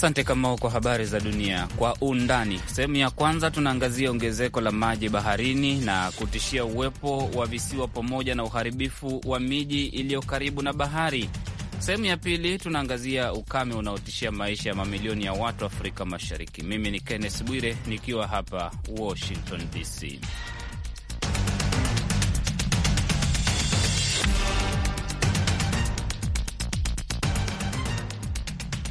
Asante Kamao kwa habari za dunia kwa undani. Sehemu ya kwanza tunaangazia ongezeko la maji baharini na kutishia uwepo wa visiwa pamoja na uharibifu wa miji iliyo karibu na bahari. Sehemu ya pili tunaangazia ukame unaotishia maisha ya mamilioni ya watu Afrika Mashariki. Mimi ni Kenneth Bwire nikiwa hapa Washington DC.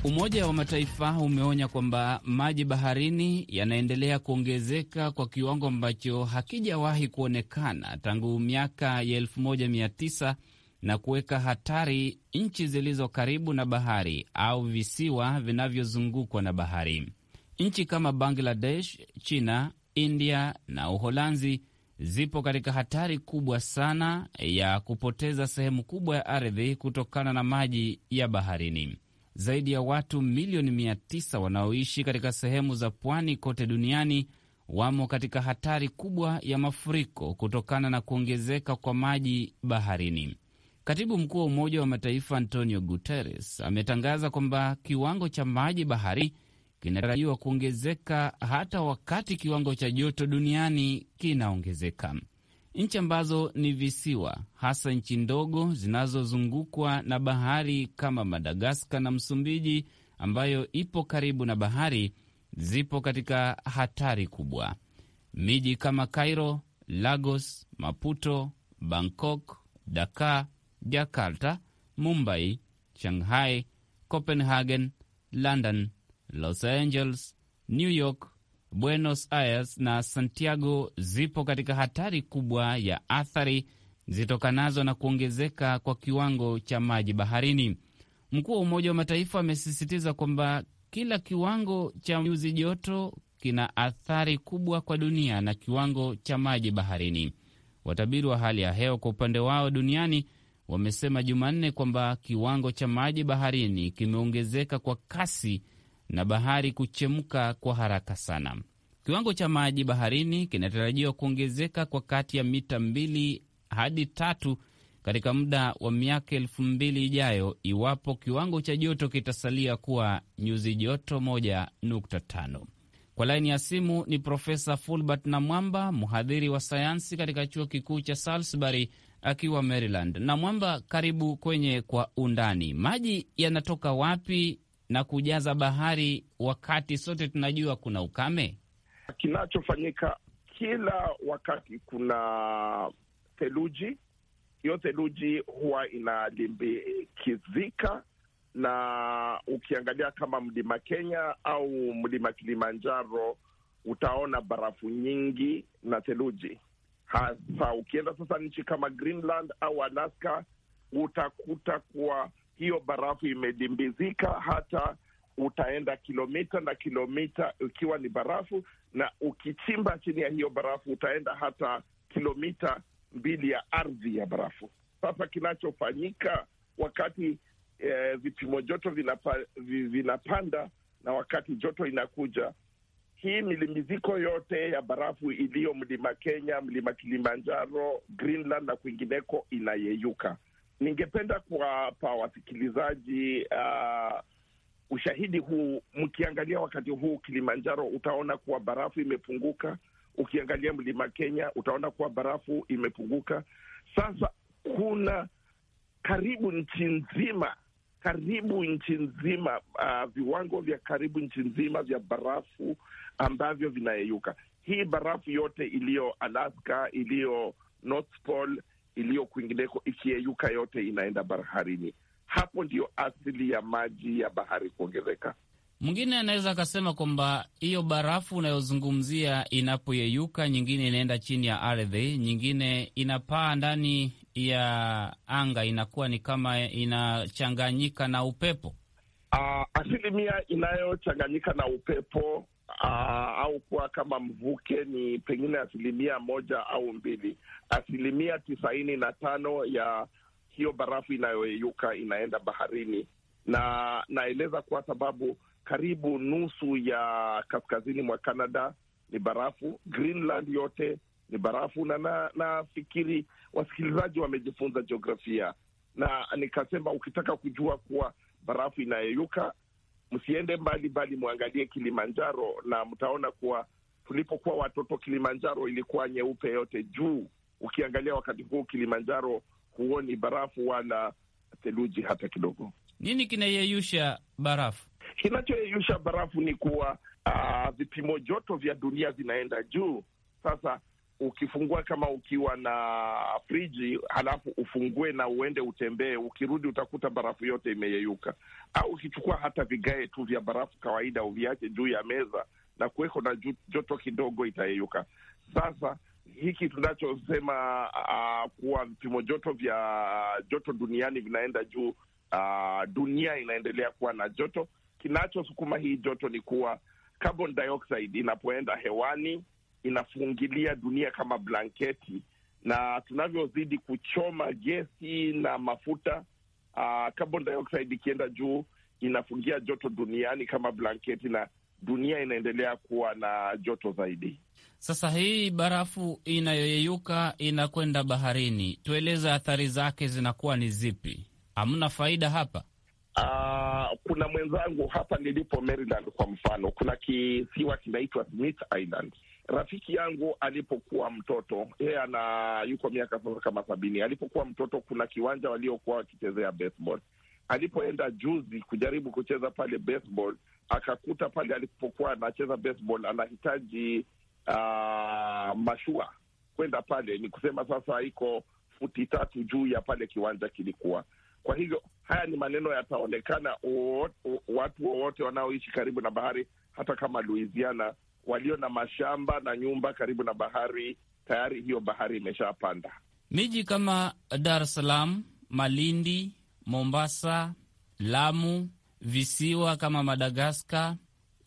Umoja wa Mataifa umeonya kwamba maji baharini yanaendelea kuongezeka kwa kiwango ambacho hakijawahi kuonekana tangu miaka ya 19 na kuweka hatari nchi zilizo karibu na bahari au visiwa vinavyozungukwa na bahari. Nchi kama Bangladesh, China, India na Uholanzi zipo katika hatari kubwa sana ya kupoteza sehemu kubwa ya ardhi kutokana na maji ya baharini zaidi ya watu milioni 9 wanaoishi katika sehemu za pwani kote duniani wamo katika hatari kubwa ya mafuriko kutokana na kuongezeka kwa maji baharini. Katibu mkuu wa Umoja wa Mataifa Antonio Guterres ametangaza kwamba kiwango cha maji bahari kinatarajiwa kuongezeka hata wakati kiwango cha joto duniani kinaongezeka nchi ambazo ni visiwa, hasa nchi ndogo zinazozungukwa na bahari kama Madagaskar na Msumbiji ambayo ipo karibu na bahari, zipo katika hatari kubwa. Miji kama Cairo, Lagos, Maputo, Bangkok, Dakar, Jakarta, Mumbai, Shanghai, Copenhagen, London, Los Angeles, New York Buenos Aires na Santiago zipo katika hatari kubwa ya athari zitokanazo na kuongezeka kwa kiwango cha maji baharini. Mkuu wa Umoja wa Mataifa amesisitiza kwamba kila kiwango cha nyuzi joto kina athari kubwa kwa dunia na kiwango cha maji baharini. Watabiri wa hali ya hewa kwa upande wao duniani wamesema Jumanne kwamba kiwango cha maji baharini kimeongezeka kwa kasi na bahari kuchemka kwa haraka sana. Kiwango cha maji baharini kinatarajiwa kuongezeka kwa kati ya mita mbili hadi tatu katika muda wa miaka elfu mbili ijayo iwapo kiwango cha joto kitasalia kuwa nyuzi joto moja nukta tano. Kwa laini ya simu ni Profesa Fulbert Namwamba, mhadhiri wa sayansi katika chuo kikuu cha Salisbury akiwa Maryland. Namwamba, karibu kwenye Kwa Undani. Maji yanatoka wapi na kujaza bahari, wakati sote tunajua kuna ukame? Kinachofanyika kila wakati kuna theluji. Hiyo theluji huwa inalimbikizika, na ukiangalia kama mlima Kenya au mlima Kilimanjaro utaona barafu nyingi na theluji hasa. Ukienda sasa nchi kama Greenland au Alaska utakuta kuwa hiyo barafu imedimbizika, hata utaenda kilomita na kilomita ikiwa ni barafu, na ukichimba chini ya hiyo barafu utaenda hata kilomita mbili ya ardhi ya barafu. Sasa kinachofanyika wakati eh, vipimo joto vinapa, vinapanda na wakati joto inakuja, hii milimbiziko yote ya barafu iliyo mlima Kenya, mlima Kilimanjaro, Greenland na kwingineko inayeyuka ningependa kuwapa wasikilizaji uh, ushahidi huu. Mkiangalia wakati huu Kilimanjaro, utaona kuwa barafu imepunguka. Ukiangalia mlima Kenya, utaona kuwa barafu imepunguka. Sasa kuna karibu nchi nzima, karibu nchi nzima, uh, viwango vya karibu nchi nzima vya barafu ambavyo vinayeyuka. Hii barafu yote iliyo Alaska, iliyo North Pole iliyo kwingineko ikiyeyuka yote inaenda baharini. Hapo ndiyo asili ya maji ya bahari kuongezeka. Mwingine anaweza akasema kwamba hiyo barafu unayozungumzia inapoyeyuka, nyingine inaenda chini ya ardhi, nyingine inapaa ndani ya anga, inakuwa ni kama inachanganyika na upepo. Uh, asilimia inayochanganyika na upepo uh, au kuwa kama mvuke ni pengine asilimia moja au mbili. Asilimia tisaini na tano ya hiyo barafu inayoyeyuka inaenda baharini, na naeleza kwa sababu karibu nusu ya kaskazini mwa Canada ni barafu, Greenland yote ni barafu, na nafikiri na wasikilizaji wamejifunza jiografia, na nikasema ukitaka kujua kuwa barafu inayeyuka msiende mbali mbali, mwangalie Kilimanjaro na mtaona kuwa tulipokuwa watoto Kilimanjaro ilikuwa nyeupe yote juu. Ukiangalia wakati huu Kilimanjaro huoni barafu wala theluji hata kidogo. Nini kinayeyusha barafu? Kinachoyeyusha barafu ni kuwa uh, vipimo joto vya dunia vinaenda juu. Sasa ukifungua kama ukiwa na friji halafu ufungue na uende utembee, ukirudi utakuta barafu yote imeyeyuka. Au ukichukua hata vigae tu vya barafu kawaida uviache juu ya meza na kuweko na joto kidogo, itayeyuka. Sasa hiki tunachosema uh, kuwa vipimo joto vya joto duniani vinaenda juu, uh, dunia inaendelea kuwa na joto. Kinachosukuma hii joto ni kuwa carbon dioxide inapoenda hewani inafungilia dunia kama blanketi, na tunavyozidi kuchoma gesi na mafuta uh, carbon dioxide ikienda juu inafungia joto duniani kama blanketi na dunia inaendelea kuwa na joto zaidi. Sasa hii barafu inayoyeyuka inakwenda baharini, tueleze athari zake zinakuwa ni zipi? Hamna faida hapa. Uh, kuna mwenzangu hapa nilipo Maryland, kwa mfano kuna kisiwa kinaitwa Smith Island rafiki yangu alipokuwa mtoto, yeye ana yuko miaka sasa kama sabini. Alipokuwa mtoto, kuna kiwanja waliokuwa wakichezea baseball. Alipoenda juzi kujaribu kucheza pale baseball, akakuta pale alipokuwa anacheza baseball anahitaji uh, mashua kwenda pale, ni kusema sasa iko futi tatu juu ya pale kiwanja kilikuwa. Kwa hivyo haya ni maneno yataonekana watu wowote wanaoishi karibu na bahari, hata kama Louisiana walio na mashamba na nyumba karibu na bahari, tayari hiyo bahari imeshapanda. Miji kama Dar es Salaam, Malindi, Mombasa, Lamu, visiwa kama Madagaskar,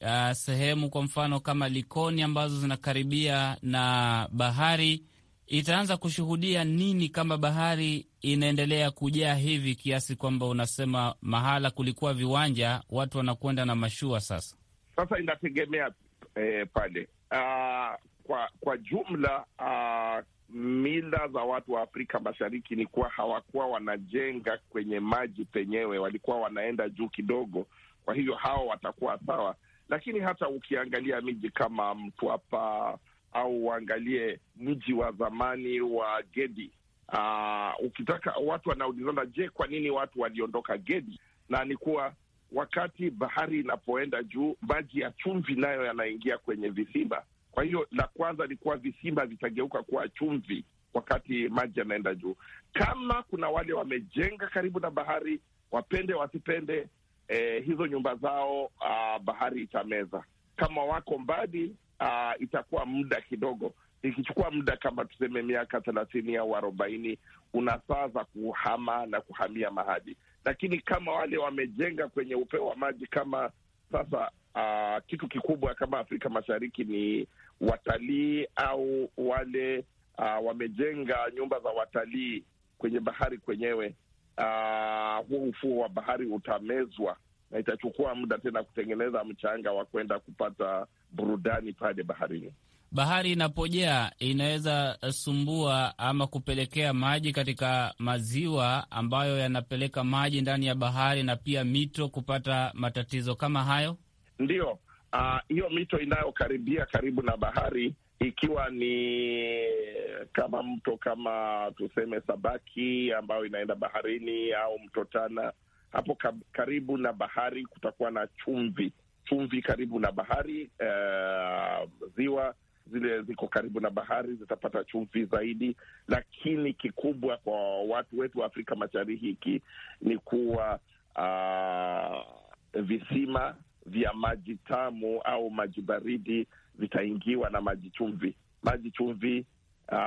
uh, sehemu kwa mfano kama Likoni ambazo zinakaribia na bahari itaanza kushuhudia nini kama bahari inaendelea kujaa hivi kiasi kwamba unasema mahala kulikuwa viwanja watu wanakwenda na mashua sasa? Sasa inategemea eh, pale uh, ah, kwa kwa jumla uh, mila za watu wa Afrika Mashariki ni kuwa hawakuwa wanajenga kwenye maji penyewe, walikuwa wanaenda juu kidogo. Kwa hivyo hawa watakuwa sawa, lakini hata ukiangalia miji kama Mtwapa au uangalie mji wa zamani wa Gedi. Uh, ukitaka watu wanaulizana, je, kwa nini watu waliondoka Gedi? Na ni kuwa wakati bahari inapoenda juu, maji ya chumvi nayo yanaingia kwenye visima. Kwa hiyo la kwanza ni kuwa visima vitageuka kuwa chumvi wakati maji yanaenda juu. Kama kuna wale wamejenga karibu na bahari, wapende wasipende, eh, hizo nyumba zao, ah, bahari itameza. Kama wako mbali, ah, itakuwa muda kidogo ikichukua muda kama tuseme miaka thelathini au arobaini una saa za kuhama na kuhamia mahali lakini kama wale wamejenga kwenye upeo wa maji kama sasa uh, kitu kikubwa kama Afrika Mashariki ni watalii au wale uh, wamejenga nyumba za watalii kwenye bahari kwenyewe, uh, huo ufuo wa bahari utamezwa na itachukua muda tena kutengeneza mchanga wa kwenda kupata burudani pale baharini bahari inapojaa inaweza eh, sumbua ama kupelekea maji katika maziwa ambayo yanapeleka maji ndani ya bahari na pia mito kupata matatizo kama hayo? Ndiyo, ah, hiyo uh, mito inayokaribia karibu na bahari ikiwa ni eh, kama mto kama tuseme Sabaki ambayo inaenda baharini au mto Tana, hapo karibu na bahari kutakuwa na chumvi chumvi karibu na bahari uh, ziwa zile ziko karibu na bahari zitapata chumvi zaidi, lakini kikubwa kwa watu wetu wa Afrika Mashariki ni kuwa uh, visima vya maji tamu au maji baridi vitaingiwa na maji chumvi. Maji chumvi uh,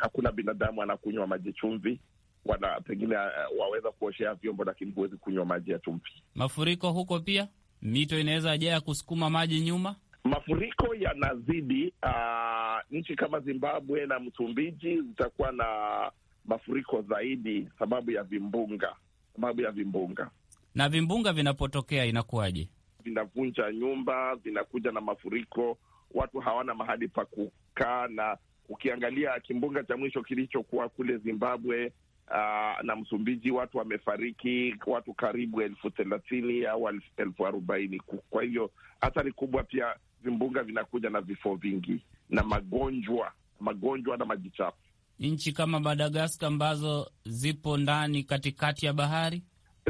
hakuna binadamu anakunywa maji chumvi wana pengine ah, waweza kuoshea vyombo lakini huwezi kunywa maji ya chumvi. Mafuriko huko pia, mito inaweza jaa ya kusukuma maji nyuma mafuriko yanazidi. Uh, nchi kama Zimbabwe na Msumbiji zitakuwa na mafuriko zaidi sababu ya vimbunga, sababu ya vimbunga. Na vimbunga vinapotokea inakuwaje? Vinavunja nyumba, vinakuja na mafuriko, watu hawana mahali pa kukaa. Na ukiangalia kimbunga cha mwisho kilichokuwa kule Zimbabwe Uh, na Msumbiji watu wamefariki, watu karibu elfu thelathini au elfu arobaini. Kwa hivyo athari kubwa pia vimbunga vinakuja na vifo vingi na magonjwa magonjwa na maji chafu. Nchi kama Madagaska ambazo zipo ndani katikati ya bahari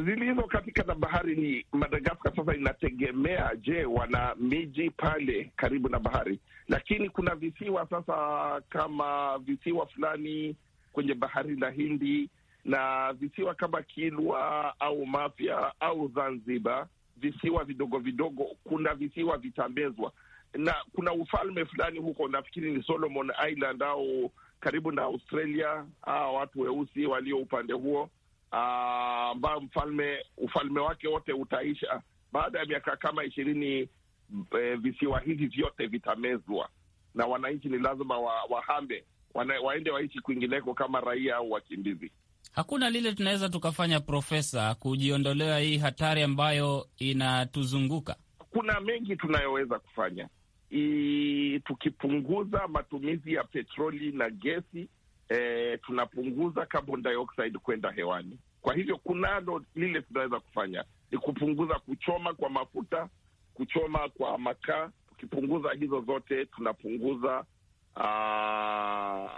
zilizo katika na bahari ni Madagaskar. Sasa inategemea, je, wana miji pale karibu na bahari? Lakini kuna visiwa sasa, kama visiwa fulani kwenye bahari la Hindi na visiwa kama Kilwa au Mafia au Zanzibar visiwa vidogo vidogo, kuna visiwa vitambezwa na kuna ufalme fulani huko, nafikiri ni Solomon Island au karibu na Australia. Hawa watu weusi walio upande huo ah, ambao mfalme ufalme wake wote utaisha baada ya miaka kama ishirini. E, visiwa hivi vyote vitamezwa na wananchi ni lazima wa, wahambe wana, waende waishi kwingineko kama raia au wakimbizi. Hakuna lile tunaweza tukafanya, Profesa, kujiondolea hii hatari ambayo inatuzunguka. Kuna mengi tunayoweza kufanya I, tukipunguza matumizi ya petroli na gesi e, tunapunguza carbon dioxide kwenda hewani. Kwa hivyo kunalo lile tunaweza kufanya ni kupunguza kuchoma kwa mafuta, kuchoma kwa makaa. Tukipunguza hizo zote tunapunguza uh,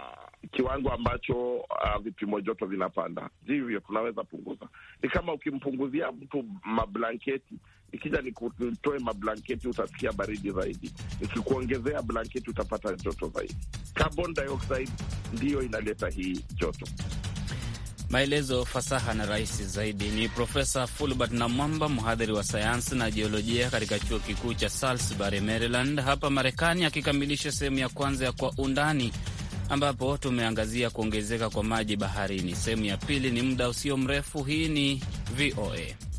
kiwango ambacho uh, vipimo joto vinapanda, hivyo tunaweza punguza. Ni kama ukimpunguzia mtu mablanketi, ikija nikutoe mablanketi utasikia baridi zaidi, nikikuongezea blanketi utapata joto zaidi. Carbon dioxide ndiyo inaleta hii joto. Maelezo fasaha na rahisi zaidi ni Profesa Fulbert Namwamba, mhadhiri wa sayansi na jiolojia katika chuo kikuu cha Salisbury, Maryland, hapa Marekani, akikamilisha sehemu ya kwanza ya Kwa Undani, ambapo tumeangazia kuongezeka kwa maji baharini. Sehemu ya pili ni muda usio mrefu. Hii ni VOA.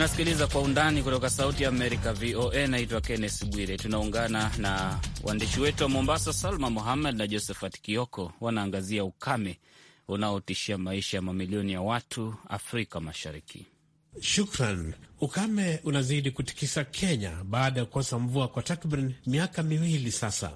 Unasikiliza kwa undani kutoka Sauti ya Amerika, VOA. Naitwa kennes Bwire. Tunaungana na waandishi wetu wa Mombasa, Salma Mohamed na Josephat Kioko, wanaangazia ukame unaotishia maisha ya mamilioni ya watu Afrika Mashariki. Shukran. Ukame unazidi kutikisa Kenya baada ya kukosa mvua kwa takriban miaka miwili sasa.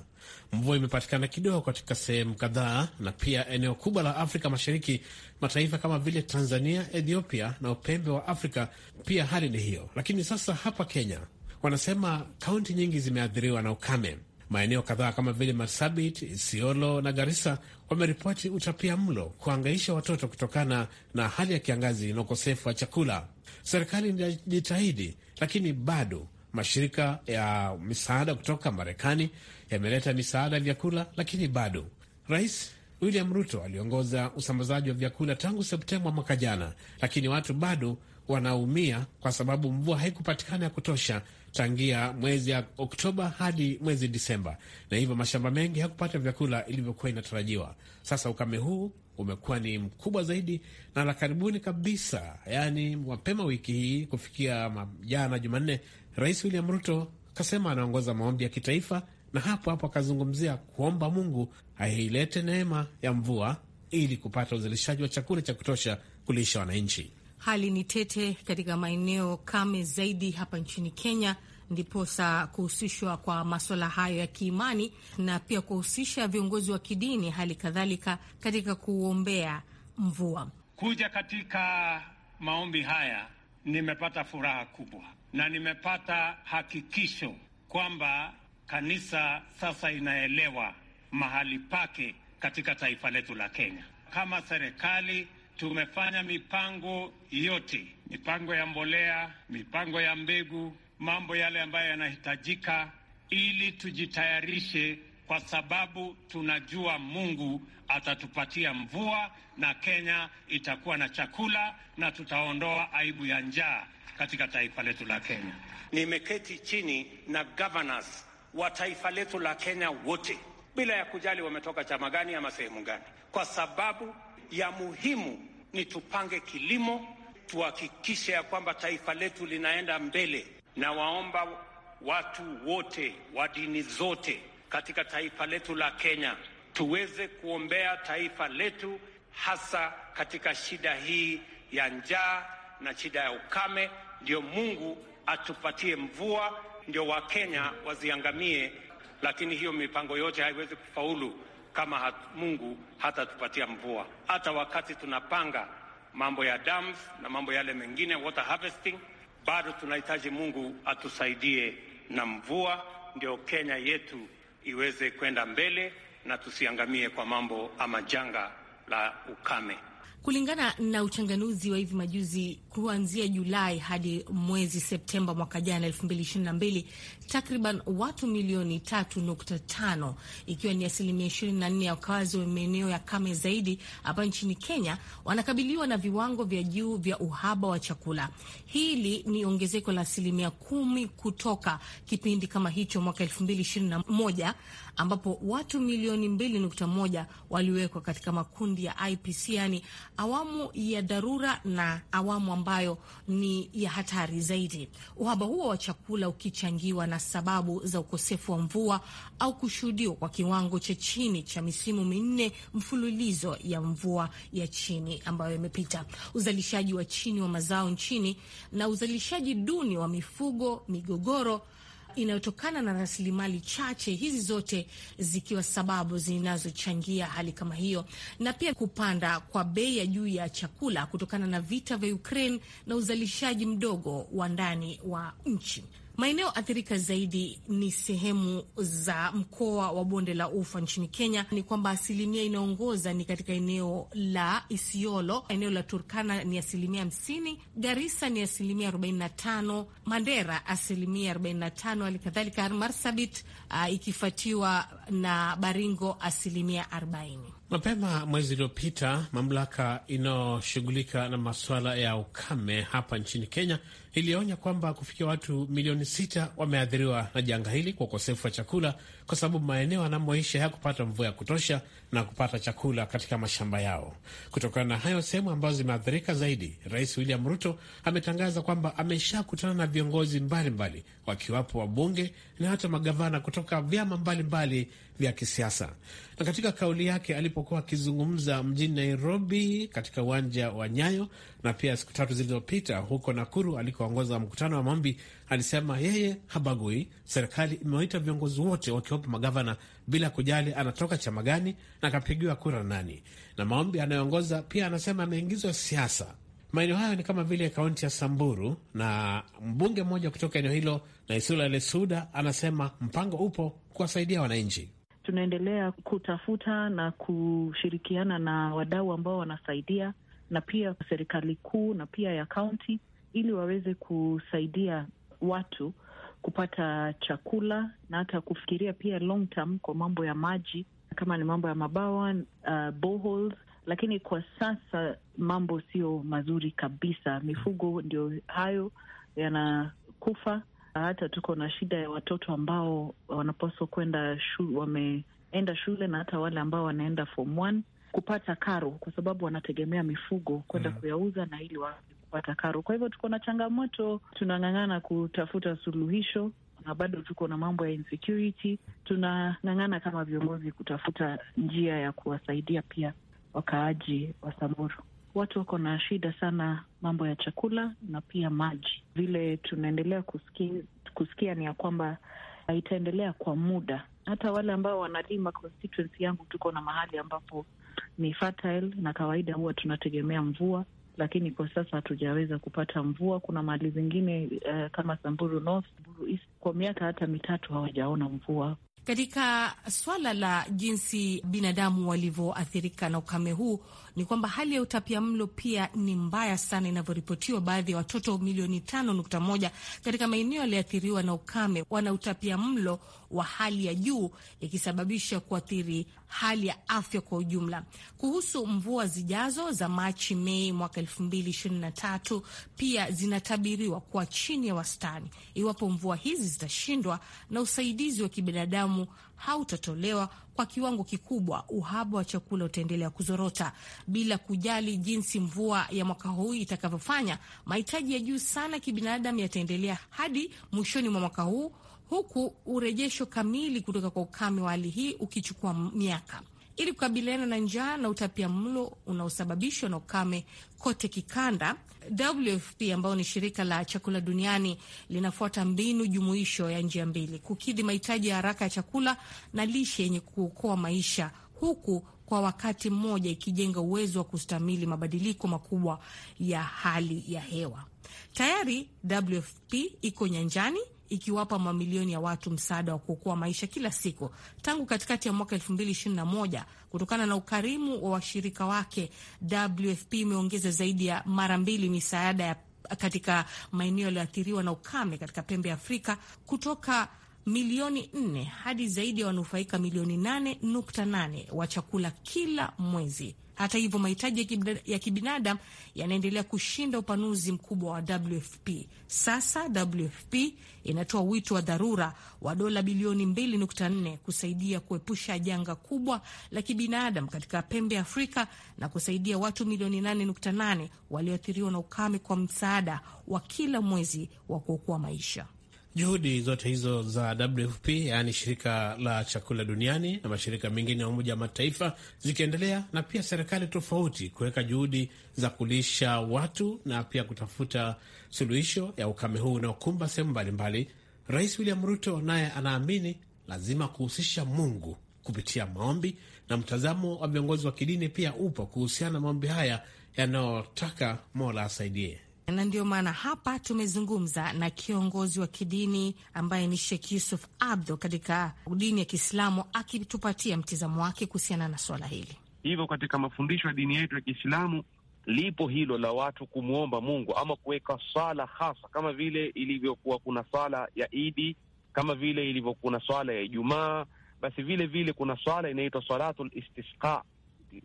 Mvua imepatikana kidogo katika sehemu kadhaa na pia eneo kubwa la Afrika Mashariki, mataifa kama vile Tanzania, Ethiopia na upembe wa Afrika pia hali ni hiyo. Lakini sasa hapa Kenya wanasema kaunti nyingi zimeathiriwa na ukame. Maeneo kadhaa kama vile Marsabit, Isiolo na Garissa wameripoti utapia mlo kuangaisha watoto kutokana na hali ya kiangazi na ukosefu wa chakula. Serikali inajitahidi, lakini bado mashirika ya misaada kutoka Marekani yameleta misaada ya vyakula, lakini bado Rais William Ruto aliongoza usambazaji wa vyakula tangu Septemba mwaka jana, lakini watu bado wanaumia kwa sababu mvua haikupatikana ya kutosha tangia mwezi ya Oktoba hadi mwezi Disemba, na hivyo mashamba mengi hakupata vyakula ilivyokuwa inatarajiwa. Sasa ukame huu umekuwa ni mkubwa zaidi na la karibuni kabisa, yaani mapema wiki hii kufikia jana Jumanne, Rais William Ruto kasema anaongoza maombi ya kitaifa na hapo hapo akazungumzia kuomba Mungu ailete neema ya mvua ili kupata uzalishaji wa chakula cha kutosha kulisha wananchi. Hali ni tete katika maeneo kame zaidi hapa nchini Kenya, ndiposa kuhusishwa kwa maswala hayo ya kiimani na pia kuhusisha viongozi wa kidini, hali kadhalika katika kuombea mvua. Kuja katika maombi haya, nimepata furaha kubwa na nimepata hakikisho kwamba kanisa sasa inaelewa mahali pake katika taifa letu la Kenya. Kama serikali tumefanya mipango yote, mipango ya mbolea, mipango ya mbegu, mambo yale ambayo yanahitajika ili tujitayarishe, kwa sababu tunajua Mungu atatupatia mvua na Kenya itakuwa na chakula na tutaondoa aibu ya njaa katika taifa letu la Kenya. Nimeketi chini na governors wa taifa letu la Kenya wote bila ya kujali wametoka chama gani ama sehemu gani, kwa sababu ya muhimu ni tupange kilimo, tuhakikishe ya kwamba taifa letu linaenda mbele. Na waomba watu wote wa dini zote katika taifa letu la Kenya tuweze kuombea taifa letu, hasa katika shida hii ya njaa na shida ya ukame, ndio Mungu atupatie mvua ndio Wakenya waziangamie, lakini hiyo mipango yote haiwezi kufaulu kama hat, Mungu hatatupatia mvua. Hata wakati tunapanga mambo ya dams na mambo yale mengine water harvesting, bado tunahitaji Mungu atusaidie na mvua, ndio Kenya yetu iweze kwenda mbele na tusiangamie kwa mambo ama janga la ukame. Kulingana na uchanganuzi wa hivi majuzi, kuanzia Julai hadi mwezi Septemba mwaka jana 2022, takriban watu milioni 3.5 ikiwa ni asilimia 24 ya wakazi wa maeneo ya kame zaidi hapa nchini Kenya wanakabiliwa na viwango vya juu vya uhaba wa chakula. Hili ni ongezeko la asilimia kumi kutoka kipindi kama hicho mwaka 2021 ambapo watu milioni 2.1 waliwekwa katika makundi ya IPC, yani awamu ya dharura na awamu ambayo ni ya hatari zaidi. Uhaba huo wa chakula ukichangiwa na sababu za ukosefu wa mvua au kushuhudiwa kwa kiwango cha chini cha misimu minne mfululizo ya mvua ya chini ambayo imepita, uzalishaji wa chini wa mazao nchini na uzalishaji duni wa mifugo, migogoro inayotokana na rasilimali chache, hizi zote zikiwa sababu zinazochangia hali kama hiyo, na pia kupanda kwa bei ya juu ya chakula kutokana na vita vya Ukraine na uzalishaji mdogo wa ndani wa nchi. Maeneo athirika zaidi ni sehemu za mkoa wa bonde la ufa nchini Kenya. Ni kwamba asilimia inaongoza ni katika eneo la Isiolo, eneo la Turkana ni asilimia hamsini, garisa ni asilimia arobaini na tano, Mandera asilimia arobaini na tano, hali kadhalika Marsabit uh, ikifuatiwa na Baringo asilimia arobaini. Mapema mwezi uliopita mamlaka inayoshughulika na masuala ya ukame hapa nchini Kenya ilionya kwamba kufikia watu milioni sita wameathiriwa na janga hili kwa ukosefu wa chakula, kwa sababu maeneo anamoisha hayakupata mvua ya kutosha na kupata chakula katika mashamba yao. Kutokana na hayo, sehemu ambazo zimeathirika zaidi, Rais William Ruto ametangaza kwamba ameshakutana na viongozi mbalimbali, wakiwapo wabunge na hata magavana kutoka vyama mbalimbali vya kisiasa. Na katika kauli yake alipokuwa akizungumza mjini Nairobi katika uwanja wa Nyayo na pia siku tatu zilizopita huko Nakuru aliko kuongoza mkutano wa maombi alisema yeye habagui. Serikali imewaita viongozi wote wakiwapo magavana bila kujali anatoka chama gani na akapigiwa kura nani. Na maombi anayoongoza pia anasema ameingizwa siasa. Maeneo hayo ni kama vile kaunti ya Samburu, na mbunge mmoja kutoka eneo hilo Naisula Lesuda anasema mpango upo kuwasaidia wananchi. Tunaendelea kutafuta na kushirikiana na wadau ambao wanasaidia na pia serikali kuu na pia ya kaunti ili waweze kusaidia watu kupata chakula na hata kufikiria pia long term kwa mambo ya maji kama ni mambo ya mabawa uh, boreholes. Lakini kwa sasa mambo sio mazuri kabisa, mifugo ndio hayo yanakufa. Hata tuko na shida ya watoto ambao wanapaswa kwenda shule, wameenda shule na hata wale ambao wanaenda form one kupata karo, kwa sababu wanategemea mifugo kwenda mm, kuyauza na ili wa kupata karo. Kwa hivyo tuko na changamoto, tunang'ang'ana kutafuta suluhisho na bado tuko na mambo ya insecurity. Tunang'ang'ana kama viongozi kutafuta njia ya kuwasaidia pia wakaaji wa Samburu. Watu wako na shida sana mambo ya chakula na pia maji. Vile tunaendelea kusikia, kusikia ni ya kwamba itaendelea kwa muda. Hata wale ambao wanalima constituency yangu, tuko na mahali ambapo ni fertile, na kawaida huwa tunategemea mvua lakini kwa sasa hatujaweza kupata mvua. Kuna mahali zingine uh, kama Samburu North, Samburu East, kwa miaka hata mitatu hawajaona mvua. Katika swala la jinsi binadamu walivyoathirika na ukame huu, ni kwamba hali ya utapia mlo pia ni mbaya sana inavyoripotiwa. Baadhi ya watoto milioni tano nukta moja katika maeneo yaliyoathiriwa na ukame wana utapia mlo wa hali ya juu, ikisababisha kuathiri hali ya afya kwa ujumla. Kuhusu mvua zijazo za Machi, Mei mwaka tatu, pia zinatabiriwa kuwa chini ya wastani. Iwapo mvua hizi zitashindwa na usaidizi wa kibinadamu hautatolewa kwa kiwango kikubwa, uhaba wa chakula utaendelea kuzorota. Bila kujali jinsi mvua ya mwaka huu itakavyofanya, mahitaji ya juu sana kibinadamu yataendelea hadi mwishoni mwa mwaka huu huku urejesho kamili kutoka kwa ukame wa hali hii ukichukua miaka. Ili kukabiliana na njaa na utapia mlo unaosababishwa na ukame kote kikanda, WFP ambayo ni shirika la chakula duniani linafuata mbinu jumuisho ya njia mbili kukidhi mahitaji ya haraka ya chakula na lishe yenye kuokoa maisha, huku kwa wakati mmoja ikijenga uwezo wa kustamili mabadiliko makubwa ya hali ya hewa. Tayari WFP iko nyanjani ikiwapa mamilioni ya watu msaada wa kuokoa maisha kila siku tangu katikati ya mwaka 2021. Kutokana na ukarimu wa washirika wake, WFP imeongeza zaidi ya mara mbili misaada ya katika maeneo yaliyoathiriwa na ukame katika pembe ya Afrika kutoka milioni nne hadi zaidi ya wanufaika milioni nane nukta nane wa chakula kila mwezi. Hata hivyo, mahitaji ya kibinadamu yanaendelea kushinda upanuzi mkubwa wa WFP. Sasa WFP inatoa wito wa dharura wa dola bilioni 2.4 kusaidia kuepusha janga kubwa la kibinadamu katika pembe ya Afrika na kusaidia watu milioni 8.8 walioathiriwa na ukame kwa msaada wa kila mwezi wa kuokoa maisha. Juhudi zote hizo za WFP yaani shirika la chakula duniani na mashirika mengine ya Umoja wa Mataifa zikiendelea na pia serikali tofauti kuweka juhudi za kulisha watu na pia kutafuta suluhisho ya ukame huu unaokumba sehemu mbalimbali, Rais William Ruto naye anaamini lazima kuhusisha Mungu kupitia maombi, na mtazamo wa viongozi wa kidini pia upo kuhusiana na maombi haya yanayotaka Mola asaidie na ndio maana hapa tumezungumza na kiongozi wa kidini ambaye ni Sheikh Yusuf Abdo katika dini ya Kiislamu akitupatia mtizamo wake kuhusiana na swala hili. Hivyo katika mafundisho ya dini yetu ya Kiislamu lipo hilo la watu kumwomba Mungu ama kuweka swala hasa, kama vile ilivyokuwa kuna swala ya Idi, kama vile ilivyokuwa na swala ya Ijumaa, basi vile vile kuna swala inaitwa swalatul istisqa,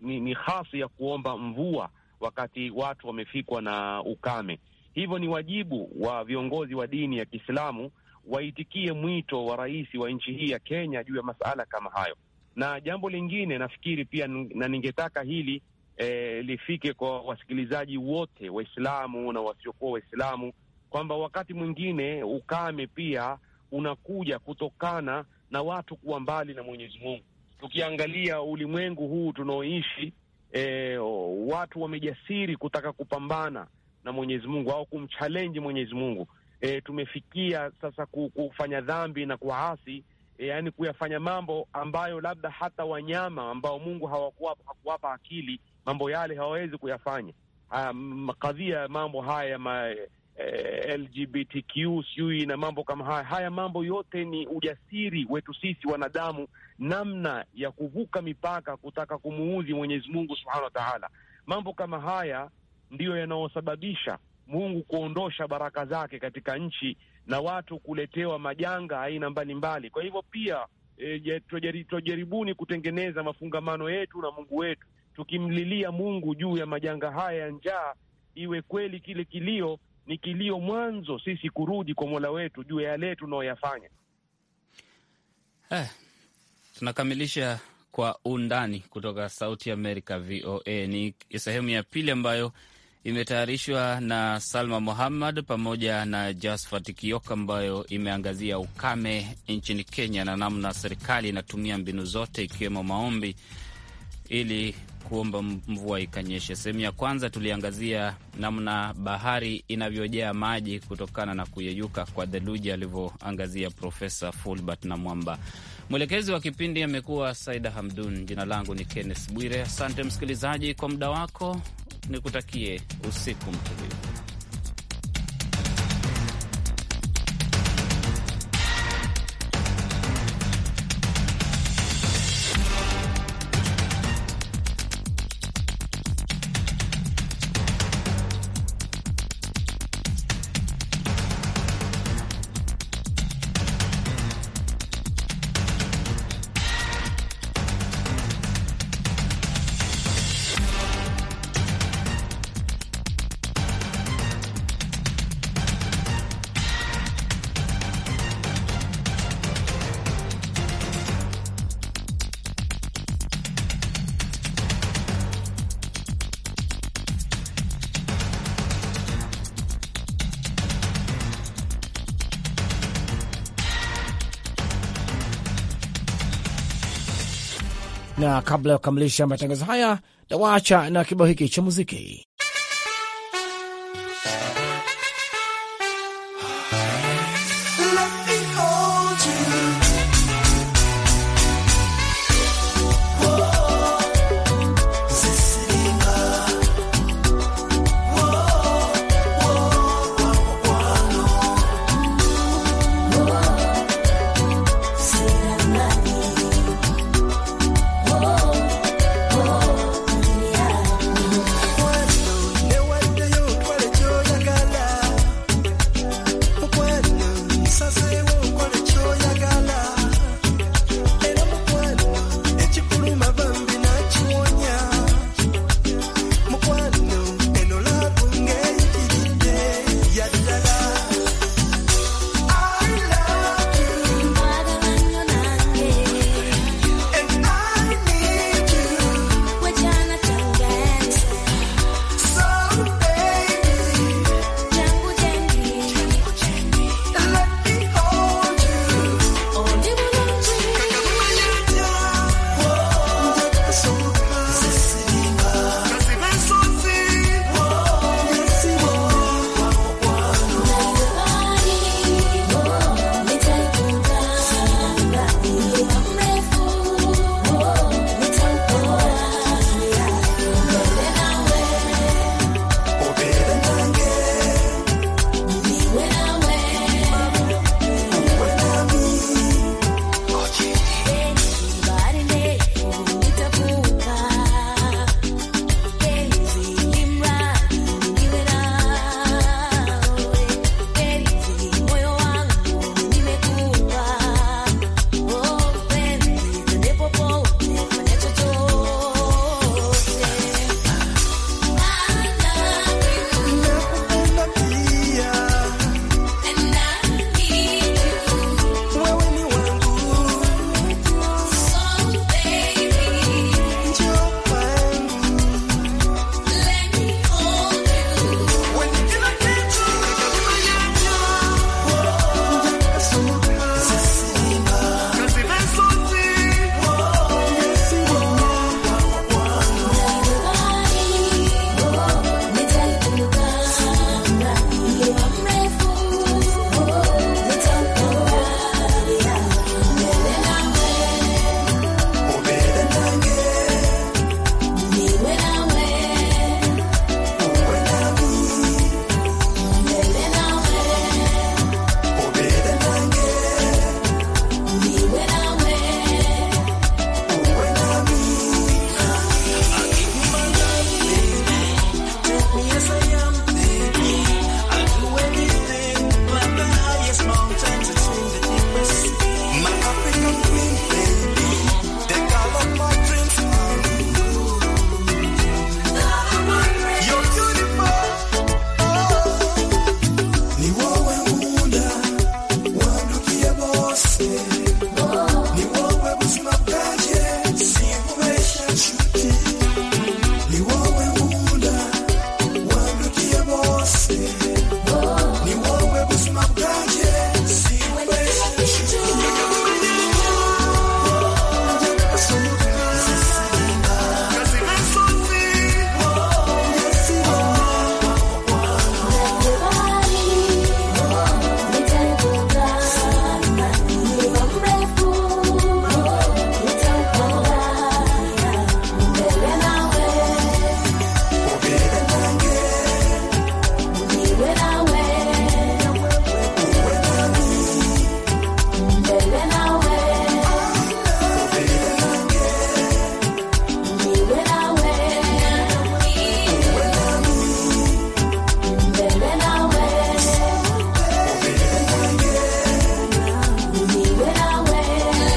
ni, ni hasi ya kuomba mvua wakati watu wamefikwa na ukame. Hivyo ni wajibu wa viongozi wa dini ya Kiislamu waitikie mwito wa rais wa nchi hii ya Kenya juu ya masala kama hayo. Na jambo lingine nafikiri pia, na ningetaka hili e, lifike kwa wasikilizaji wote Waislamu na wasiokuwa Waislamu kwamba wakati mwingine ukame pia unakuja kutokana na watu kuwa mbali na Mwenyezi Mungu. Tukiangalia ulimwengu huu tunaoishi e, watu wamejasiri kutaka kupambana na Mwenyezi Mungu au kumchallenge Mwenyezi Mungu. E, tumefikia sasa kufanya dhambi na kuasi e, yani kuyafanya mambo ambayo labda hata wanyama ambao Mungu hawakuwapa hakuwapa akili mambo yale hawawezi kuyafanya. Um, kadhia mambo haya ma, eh, LGBTQ sijui na mambo kama haya. Haya mambo yote ni ujasiri wetu sisi wanadamu, namna ya kuvuka mipaka, kutaka kumuudhi Mwenyezi Mungu subhanahu wa taala. Mambo kama haya ndiyo yanayosababisha Mungu kuondosha baraka zake katika nchi na watu kuletewa majanga aina mbalimbali. Kwa hivyo pia eh, e, tujaribuni kutengeneza mafungamano yetu na Mungu wetu, tukimlilia Mungu juu ya majanga haya ya njaa, iwe kweli kile kilio ni kilio mwanzo sisi kurudi kwa Mola wetu juu ya yale tunaoyafanya. Eh, tunakamilisha kwa undani kutoka Sauti ya Amerika VOA. Ni sehemu ya pili ambayo imetayarishwa na Salma Muhammad pamoja na Jasfat Kioka, ambayo imeangazia ukame nchini Kenya na namna serikali inatumia mbinu zote ikiwemo maombi ili kuomba mvua ikanyeshe. Sehemu ya kwanza tuliangazia namna bahari inavyojaa maji kutokana na kuyeyuka kwa theluji, alivyoangazia Profesa Fulbert na Mwamba. Mwelekezi wa kipindi amekuwa Saida Hamdun. Jina langu ni Kenneth Bwire. Asante msikilizaji kwa muda wako, nikutakie usiku mtulivu. na kabla ya kukamilisha matangazo haya, nawaacha na kibao hiki cha muziki.